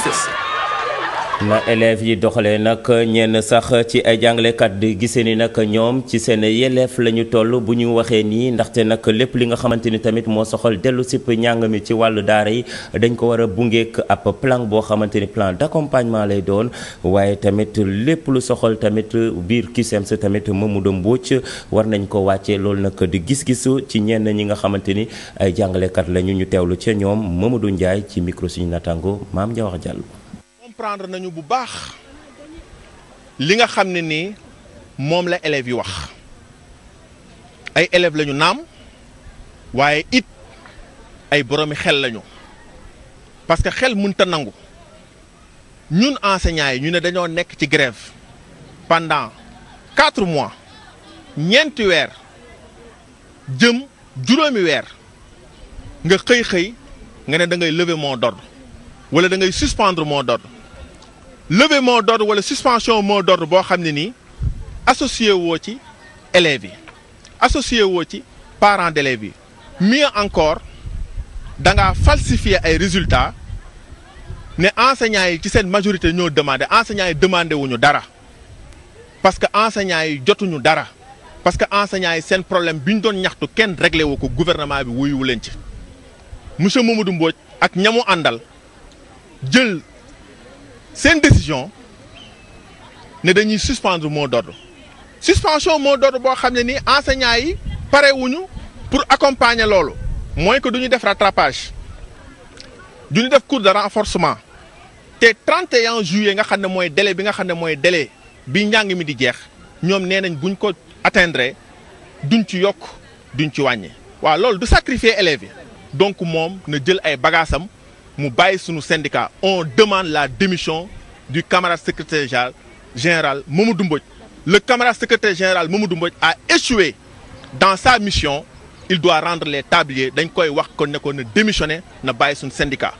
is this? na élèves yi doxalee nag ñenn sax ci ay jàngalekat di gisee ni nag ñoom ci seen yelleef la ñu toll bu ñu waxee nii ndaxte nag lépp li nga xamante ni tamit moo soxal dellu sipp njàng mi ci wàllu daara yi dañ ko war a bungeek ab plan boo xamante ni plan d'accompagnement lay doon waaye tamit lépp lu soxal tamit biir CUSEMS tamit Mamadou Mbodj war nañ ko wàccee loolu nag di gis-gisu ci ñenn ñi nga xamante ni ay jàngalekat lañu ñu teewlu ca ñoom Mamadou Ndiaye ci micro suñu natango Maam Ndiawar Diallo comprendre nañu bu baax li nga xam ne nii moom la élèves yi wax ay élèves lañu naam waaye it ay boroomi xel lañu parce que xel mënta nangu ñun enseignants yi ñu ne dañoo nekk ci grève pendant quatre mois ñeenti weer jëm juróomi weer nga xëy xëy nga ne da ngay lever mot d'ordre wala da ngay suspendre mot levée moo d'ordre wala suspension moo d'ordre boo xam ne nii associé woo ci élèves yi associé woo ci parents d'élèves yi mieux encore da ngaa falsifier ay résultats ne enseignants yi ci seen majorité ñoo demandé enseignants yi demandé wuñu dara parce que enseignants yi jotuñu dara parce que enseignants yi seen problème bi ñu doon ñaxtu kenn réglé wu ko gouvernement bi wuyuwu leen ci monsieur Mamadou Mbodj ak ñamu àndal jël. seen décision ne dañuy suspendre mot d'ordre suspension mot d'ordre boo xam ne ni enseignants yi parewuñu pour accompagner loolu mooy que du ñu def rattrapage du ñu def cours de renforcement te yan juillet nga xam ne mooy délai bi nga xam ne mooy délai bi njàng mi di jeex ñoom nee nañ buñ ko atteindre duñ ci yokk duñ ci wàññi. waa loolu du sacrifier élève yi donc moom na jël ay bagaasam mu bàyyi sunu syndicat on demande la démission du camarade secrétaire général Mamadou Mbodj le camarade secrétaire général Mamadou Mbodj a échoué dans sa mission il doit rendre les tabliers dañ koy wax kon ne ko na démissionné na bàyyi suñu syndicat